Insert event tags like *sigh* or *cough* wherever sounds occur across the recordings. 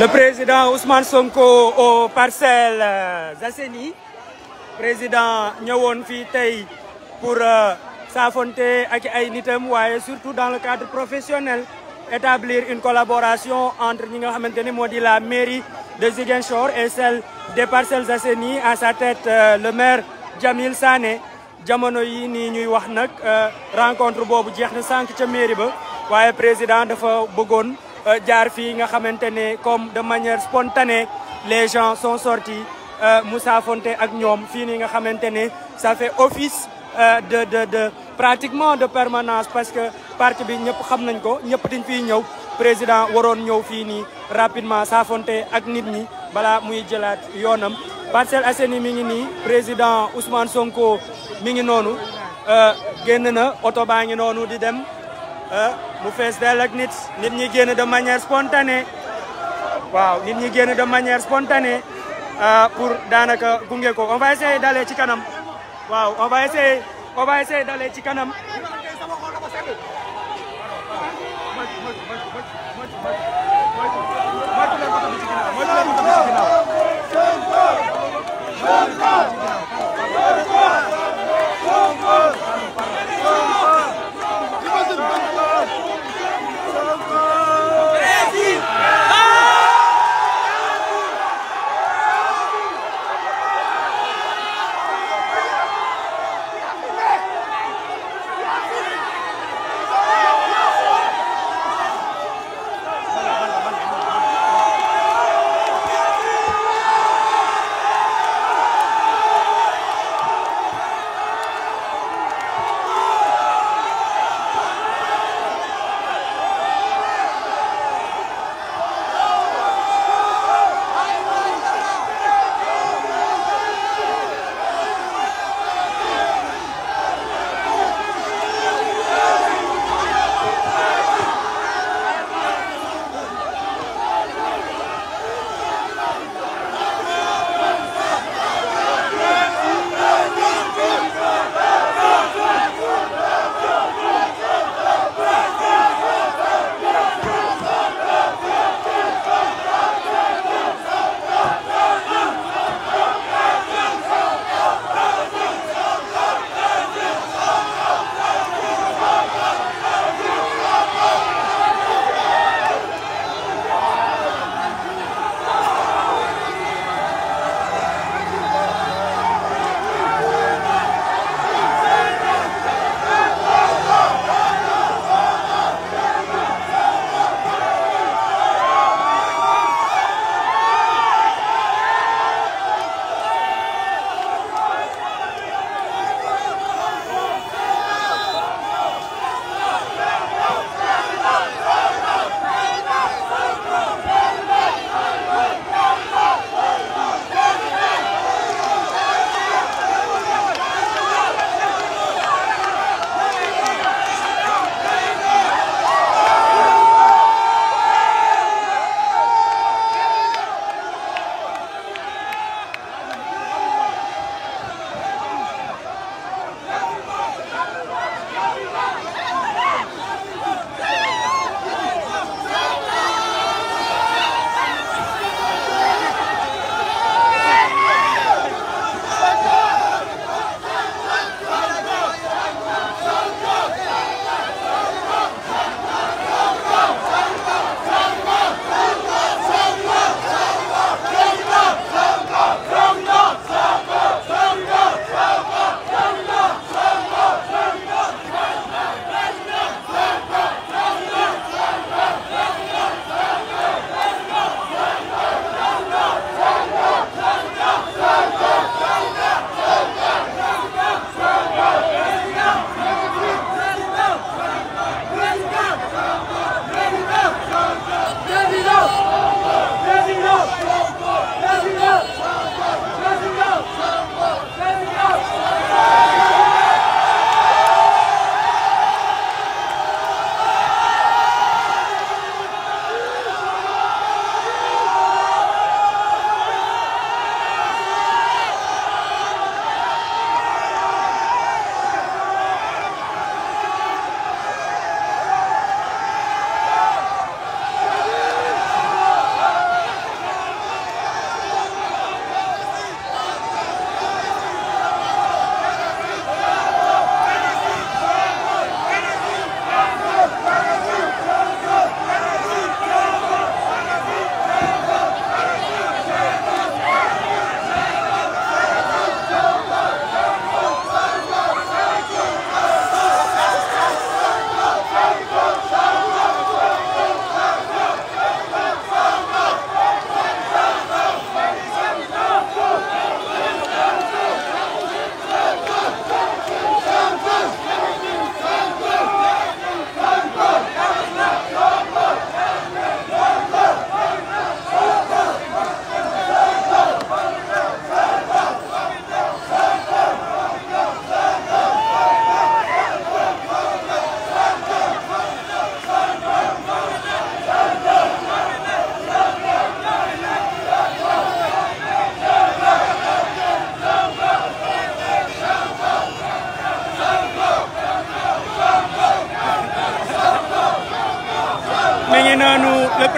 Le président Ousmane Sonko aux Parcelles euh, Assainies président ñëwoon fii tey pour euh, s'affronter ak ay nitam waaye surtout dans le cadre professionnel établir une collaboration entre ñi nga xamante ni moo di la mairie de Ziguinchor et celle des Parcelles Assainies à sa tête euh, le maire Djamil Sané jamono yi nii ñuy wax nag euh, rencontre boobu jeex na sànq ca mairie ba waaye président dafa bëggoon euh, jaar fi nga xamante ne comme de manière spontanée les gens sont sortis euh, Moussa Fonte ak ñoom fii nii nga xamante ne ça fait office de de pratiquement de permanence parce que parti bi ñëpp xam nañ ko ñëpp dañ fiy ñëw président waroon ñëw fii nii rapidement saafonte ak nit ñi balaa muy jëlaat yoonam Parcelles Assainies mi ngi nii président Ousmane Sonko mi ngi noonu euh, génn na oto baa ngi noonu di dem euh, mu fees dell ak nit nit ñi génn de manière spontanée waaw nit ñi génn de manière spontanée euh, pour daanaka gunge ko on va essayer d'aller ci kanam waaw on va essayer on ci kanam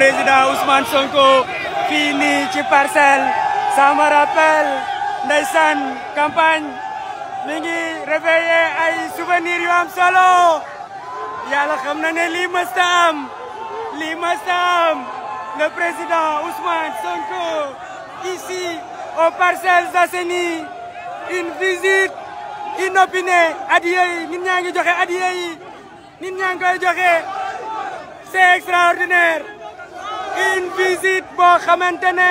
président Ousmane Sonko fii nii ci parcelle ça me rappelle ndeysaan campagne mi ngi réveiller ay souvenirs yu am solo yàlla xam na ne lii mësta am lii mësta am le président Ousmane Sonko ici aux Parcelles Assainies une visite inopinée adiya yi nit ñaa ngi joxe adiya yi nit ñaa ngi joxe c'est extraordinaire une visite boo xamante ne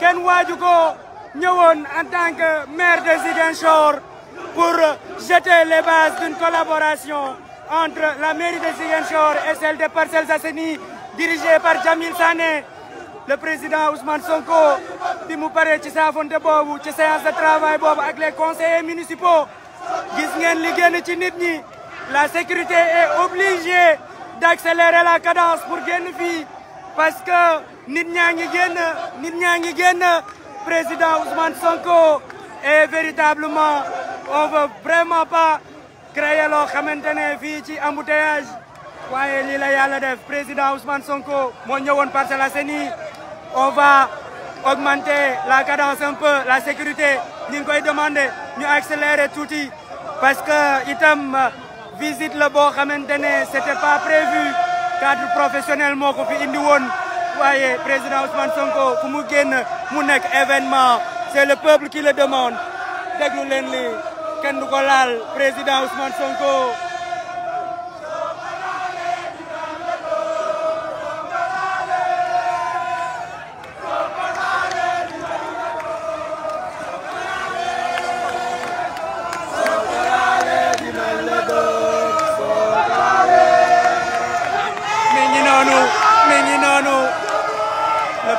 kenn waaju ko ñëwoon en tant que maire de Ziguinchor pour jeter les bases d'une collaboration entre la mairie de Ziguinchor et celle des Parcelles Assainies dirigée par Jamil Sané le président Ousmane Sonko bi mu paree ci saafonte boobu ci séance de travail boobu ak les conseillers municipaux gis ngeen ci nit ñi la sécurité est obligée d'accélérer la cadence pour génn fii parce que nit ñaa ngi génn nit ñaa ngi génn président Ousmane Sonko et véritablement on veut vraiment pa créer loo xamante ne fii ci embouteillage waaye lii la yàlla def président Ousmane Sonko moo ñëwoon Parcelles Assainies on va augmenter la cadence un peu la sécurité ñu koy demander ñu accélérer tuuti parce que itam visite la boo xamante ne c'était pa prévu cadre professionnel moo ko fi indi woon waaye président Ousmane Sonko fu mu génn mu nekk événement c'est le peuple qui le demande déglu leen li kenn du ko président Ousmane Sonko.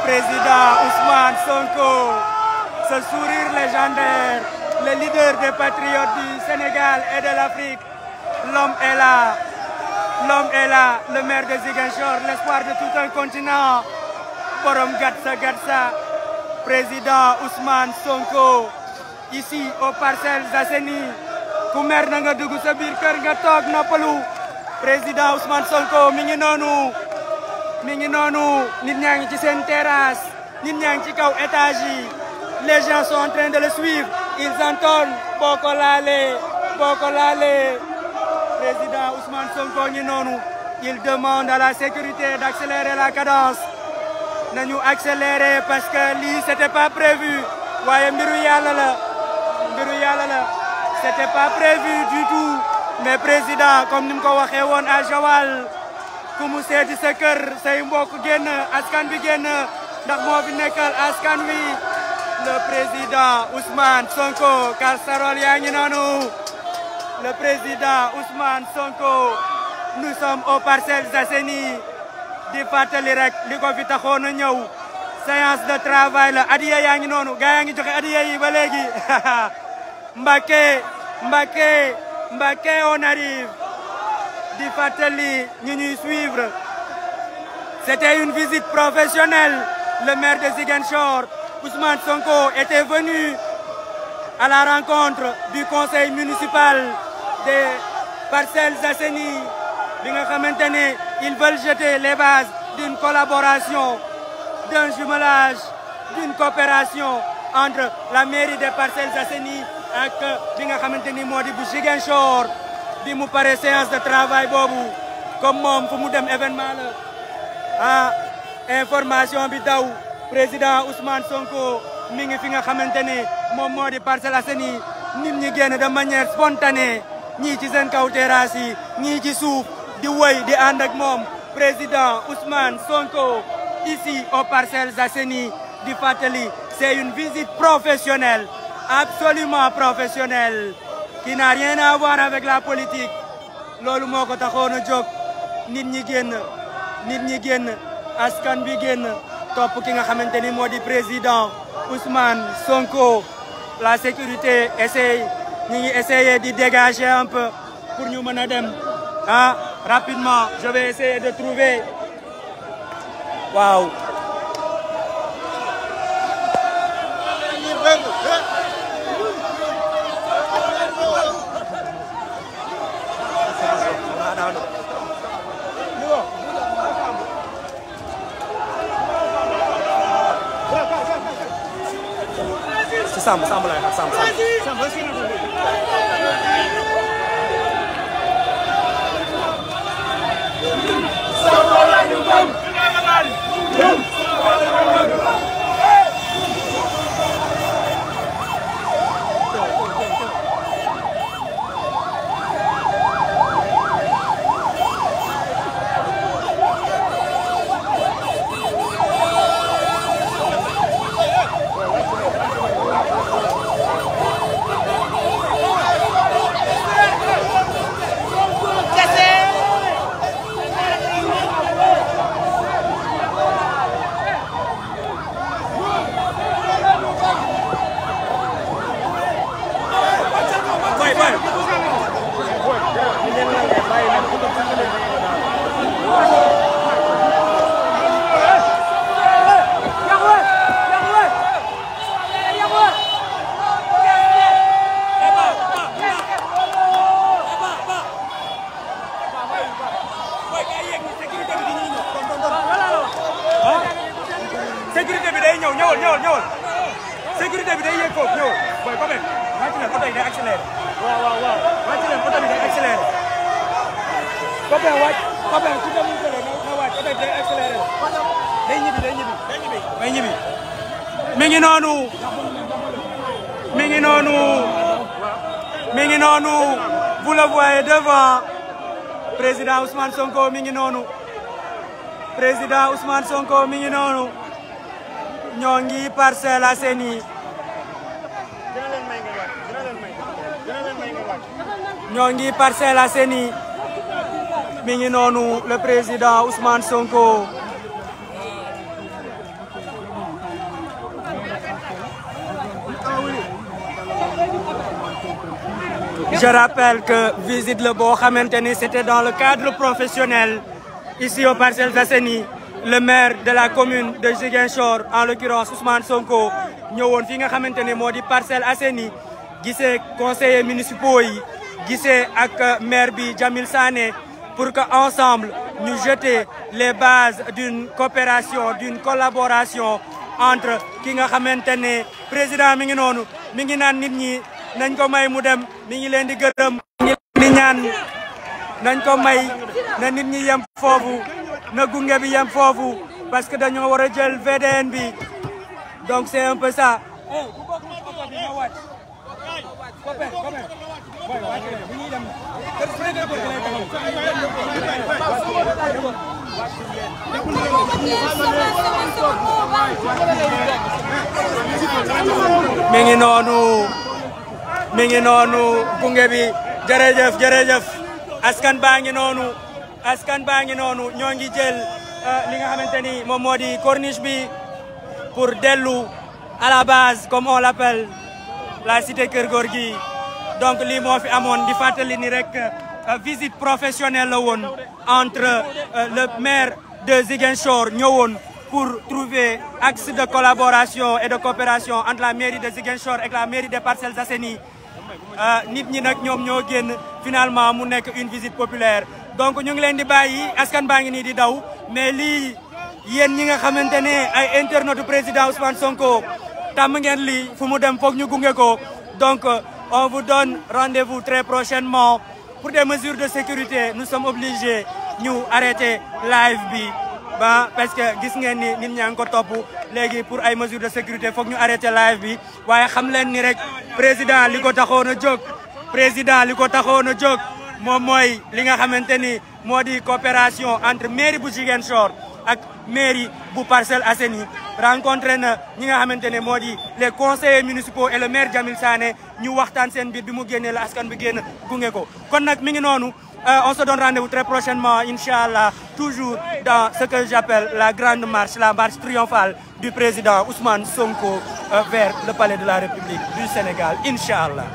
président Ousmane Sonko, ce sourire légendaire, le leader des patriotes du Sénégal et de l'Afrique. L'homme est là, le maire de Ziguinchor, l'espoir de tout un continent. Borom Gatsa Gatsa, président Ousmane Sonko, ici aux parcelles Assainies. ku mer na nga dugg sa biir kër nga toog noppalu président Ousmane Sonko mi mi ngi noonu nit ñaa ngi ci seen terrasse nit ñaa ngi ci kaw étage yi les gens sont en train de le suivre ils entonnent boo ko laalee boo ko laalee président Ousmane Sonko ngi noonu il demande à la sécurité d'accélérer la cadence nañu accélérer parce que lii c'était pas prévu waaye mbiru yàlla la mbiru yàlla la c'était pas prévu du tout mais président comme ni mu ko waxee woon à Joal ku mu seeti sa kër mbokk génn askan bi génn ndax moo fi nekkal askan wi le président Ousmane Sonko casserole yaa ngi noonu le président Ousmane Sonko nous sommes aux Parcelles Assainies di fàttali rek li ko fi taxoon a ñëw séance de travail la adiya yaa ngi noonu gaa ngi joxe adiya yi ba léegi *laughs* Mbacké Mbacké Mbacké on arrive di fàttali ñi ñuy suivre c'était une visite professionnelle le maire de Ziguinchor Ousmane Sonko était venu à la rencontre du conseil municipal des Parcelles Assainies bi nga xamante ne ils veulent jeter les bases d'une collaboration d'un jumelage d'une coopération entre la mairie des Parcelles Assainies ak bi nga xamante ni moo di bu bi mu pare séance de travail boobu comme moom fu mu dem événement la ah information bi daw président Ousmane Sonko mi ngi fi nga xamante ne moom moo di Parcelles Assainies nit ñi génn de manière spontanée ñii ci seen kaw terrasse yi ñii ci suuf di woy di ànd ak moom président Ousmane Sonko ici aux Parcelles Assainies di fàttali c'est une visite professionnelle absolument professionnelle qui n'a rien à voir avec la politique loolu moo ko taxoon a jóg nit ñi génn nit ñi génn askan bi génn topp ki nga xamante ni moo di président Ousmane Sonko la sécurité essaye ñu di dégager un pour ñu mën a dem ah rapidement je vais essayer de trouver waaw ci Samb Samb laay xaar Samb Samb. Samb lañu gëm. day ñibbi mi ngi noonu mi ngi noonu mi ngi noonu devant président Ousmane Sonko mi ngi noonu président Ousmane Sonko mi ngi noonu ñoo ngi Parcelles Assainies ñoo ngi Parcelles Assainies mi ngi noonu le président Ousmane Sonko Je rappelle que visite le boo xamante ni c'était dans le cadre professionnel ici au Parcelles Assainies le maire de la commune de Ziguinchor en l'occurrence Ousmane Sonko ñëwoon fi nga xamante ne moo di Parcelles Assainies gisee conseillers municipaux yi gisee ak maire bi Jamil Sané pour que ensemble ñu jeter les bases d'une coopération d'une collaboration entre ki nga xamante ne président mi ngi noonu nit ñi nañ ko may mu dem mi ngi leen di gërëm mi di ñaan nañ ko may na nit ñi yem foofu na gunge bi yem foofu parce que dañoo war a jël VDN bi donc c'est un peu mi ngi noonu mi ngi noonu gunge bi jërëjëf jërëjëf askan baa ngi noonu askan baa ngi noonu ñoo ngi jël euh, li nga xamante ni moom moo di corniche bi pour dellu à la base comme on l'appelle la cité Keur Gorgui donc lii moo fi amoon di fàttali ni rek euh, visite professionnelle la woon entre euh, le maire de Ziguinchor ñëwoon pour trouver axe de collaboration et de coopération entre la mairie de Ziguinchor et la mairie des Parcelles Assainies Euh, nit ñi nag ñoom ñoo génn finalement mu nekk une visite populaire donc ñu ngi leen di bàyyi askan baa ngi nii di daw mais lii yéen ñi nga xamante ne ay internautes président Ousmane Sonko tàmm ngeen li fu mu dem foog ñu gunge ko donc euh, on vous donne rendez-vous très prochainement pour des mesures de sécurité nu sommes obligés ñu arrêter live bi ba parce que gis ngeen ni nit ñaa ngi ko topp léegi pour ay mesures de sécurité foog ñu arrêté live bi waaye xam leen ni rek président li ko taxoon na jóg président li ko taxoon na jóg moom mooy li nga xamante ni moo di coopération entre mairie bu Ziguinchor ak mairie bu Parcelles Assainies rencontré na ñi nga xamante ne moo di les conseillers municipaux et le maire Jamil Sané ñu waxtaan seen bi mu génnee la askan bi génn gunge ko kon nag mi ngi noonu euh, on se donne rendez-vous très prochainement incha allah toujours dans ce que la grande marche la marche triomphale du président Ousmane Sonko euh, vers le palais de la République du Sénégal incha allah